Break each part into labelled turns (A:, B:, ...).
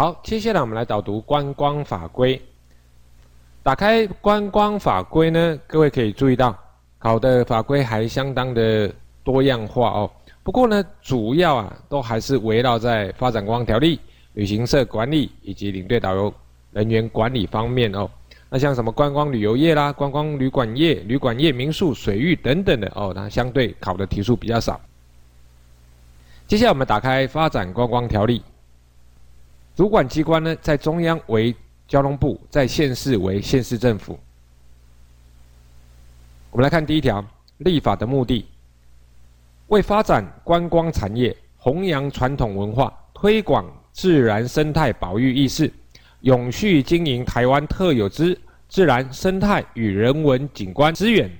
A: 好，接下來我們來導讀觀光法規。打開觀光法規呢，各位可以注意到考的法規還相當的多樣化哦。不過呢，主要啊都還是圍繞在發展觀光條例、旅行社管理以及領隊導遊人員管理方面哦。那像什麼觀光旅遊業啦、觀光旅館業、旅館業、民宿、水域等等的哦，那相對考的題數比較少。接下來我們打開發展觀光條例。主管機關呢，在中央為交通部，在縣市為縣市政府。我們來看第一條立法的目的：為發展觀光產業、弘揚傳統文化、推廣自然生態保育意識、永續經營台灣特有之自然生態與人文景觀資源、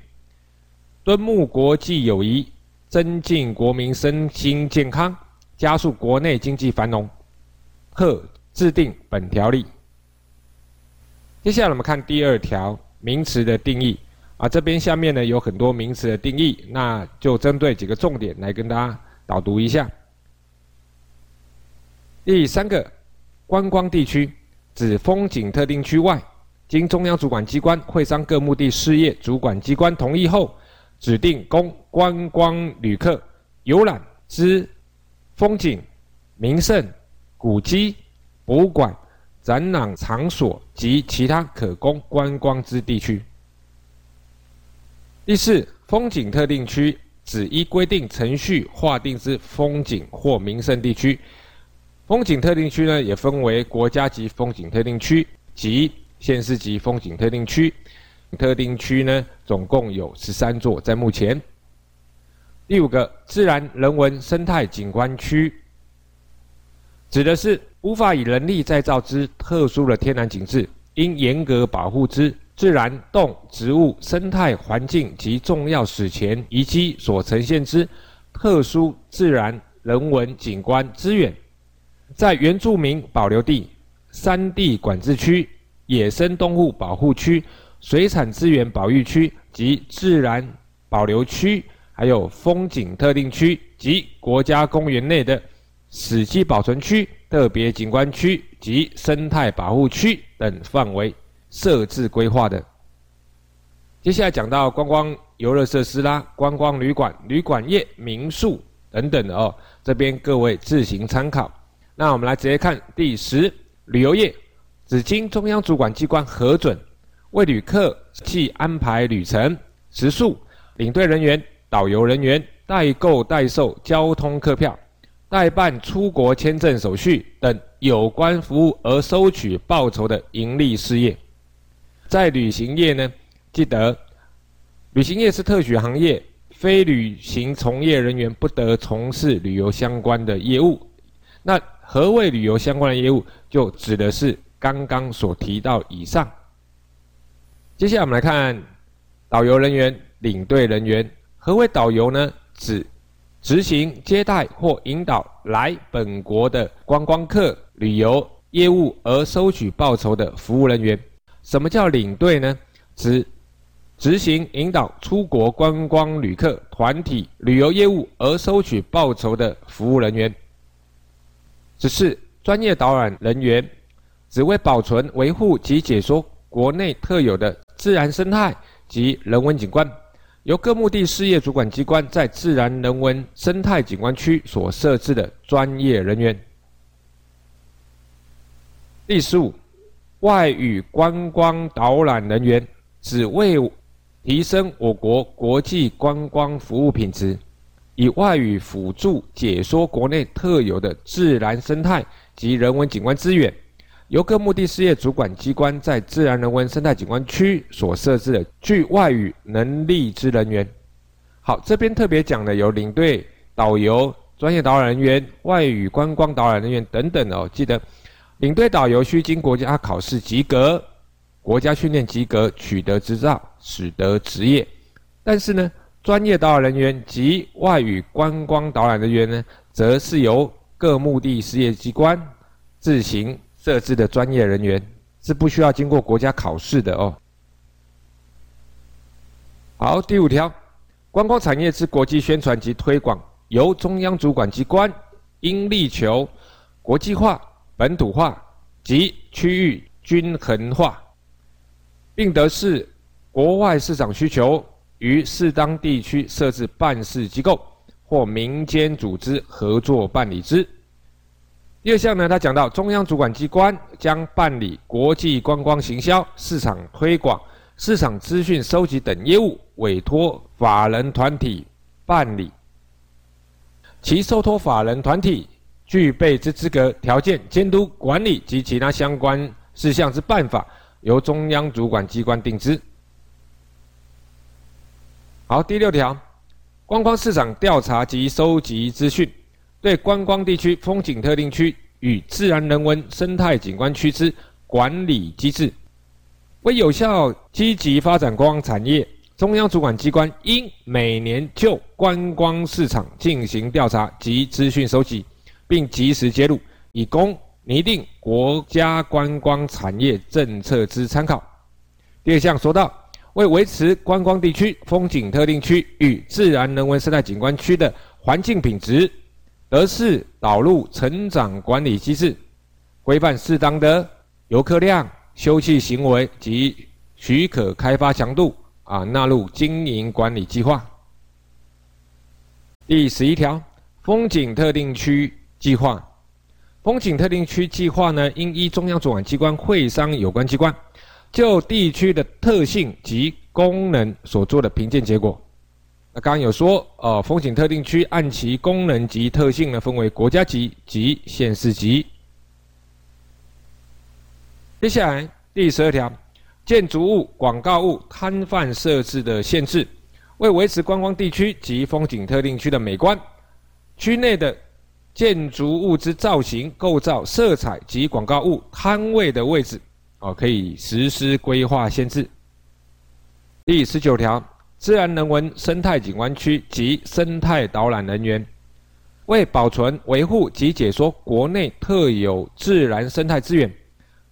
A: 敦睦國際友誼、增進國民身心健康、加速國內經濟繁榮。特制定本條例。接下來我們看第二條名詞的定義啊，這邊下面呢有很多名詞的定義，那就針對幾個重點來跟大家導讀一下。第三個，觀光地區指風景特定區外，經中央主管機關會商各目的事業主管機關同意後，指定供觀光旅客遊覽之風景名勝。古蹟、博物館、展覽場所及其他可供觀光之地區。第四，風景特定區指依規定程序劃定之風景或名勝地區。風景特定區呢，也分為國家級風景特定區及縣市級風景特定區。特定區呢，總共有十三座，在目前。第五個，自然人文生態景觀區。指的是無法以人力再造之特殊的天然景致，應嚴格保護之自然動植物生態環境及重要史前遺跡所呈現之特殊自然人文景觀資源，在原住民保留地、山地管制區、野生動物保護區、水產資源保育區及自然保留區，還有風景特定區及國家公園內的。史蹟保存區、特別景觀區及生態保護區等範圍設置規劃的。接下來講到觀光遊樂設施啦，觀光旅館、旅館業、民宿等等的哦、喔。這邊各位自行參考。那我們來直接看第十旅遊業，指經中央主管機關核准，為旅客設計安排旅程、食宿、領隊人員、導遊人員、代購代售交通客票。代辦出國簽證手續等有關服務而收取報酬的營利事業，在旅行業呢？記得，旅行業是特許行業，非旅行從業人員不得從事旅遊相關的業務。那何謂旅遊相關的業務？就指的是剛剛所提到以上。接下來我們來看導遊人員、領隊人員。何謂導遊呢？指。執行接待或引導來本國的觀光客旅遊業務而收取報酬的服務人員。什麼叫領隊呢？指執行引導出國觀光旅客團體旅遊業務而收取報酬的服務人員。只是專業導覽人員，只為保存、維護及解說國內特有的自然生態及人文景觀。由各目的事業主管機關在自然、人文、生態景觀區所設置的專業人員。第十五，外語觀光導覽人員，只為提升我國國際觀光服務品質，以外語輔助解說國內特有的自然生態及人文景觀資源。由各目的事業主管機關在自然、人文生態景觀區所設置的具外語能力之人員。好，這邊特別講的有領隊、導遊、專業導覽人員、外語觀光導覽人員等等哦。記得，領隊導遊需經國家考試及格、國家訓練及格取得執照，使得執業。但是呢，專業導覽人員及外語觀光導覽人員呢，則是由各目的事業機關自行。設置的專業人員是不需要經過國家考試的哦、喔。好，第五條，觀光產業之國際宣傳及推廣，由中央主管機關應力求國際化、本土化及區域均衡化，並得視國外市場需求於適當地區設置辦事機構或民間組織合作辦理之。第二項呢，他講到中央主管機關將辦理國際觀光行銷、市場推廣、市場資訊收集等業務委托法人團體辦理，其受托法人團體具備之資格、條件、監督管理及其他相關事項之辦法，由中央主管機關訂之。好，第六條，觀光市場調查及收集資訊。對觀光地區、風景特定區與自然人文生態景觀區之管理機制，為有效積極發展觀光產業，中央主管機關應每年就觀光市場進行調查及資訊收集，並及時揭露，以供擬定國家觀光產業政策之參考。第二項說到，為維持觀光地區、風景特定區與自然人文生態景觀區的環境品質。而是導入成長管理機制，規範適當的遊客量、休憩行為及許可開發強度，啊，納入經營管理計劃。第十一條，風景特定區計劃，風景特定區計劃呢，應依中央主管機關會商有關機關，就地區的特性及功能所做的評鑑結果。那剛剛有說，哦，風景特定區按其功能及特性呢，分為國家級及縣市級。接下來第十二條，建築物、廣告物、攤販設置的限制，為維持觀光地區及風景特定區的美觀，區內的建築物之造型、構造、色彩及廣告物攤位的位置，哦，可以實施規劃限制。第十九條。自然人文生態景觀區及生態導覽人員，為保存、維護及解說國內特有自然生態資源，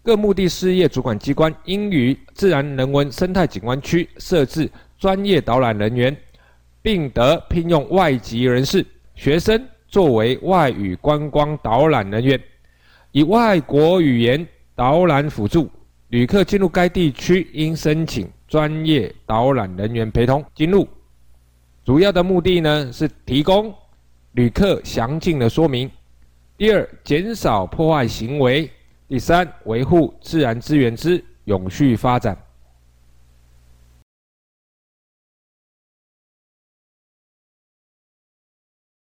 A: 各目的事業主管機關應於自然人文生態景觀區設置專業導覽人員，並得聘用外籍人士、學生作為外語觀光導覽人員，以外國語言導覽輔助旅客進入該地區應申請。專業導覽人員陪同進入，主要的目的呢，是提供旅客詳盡的說明；第二，減少破壞行為；第三，維護自然資源之永續發展。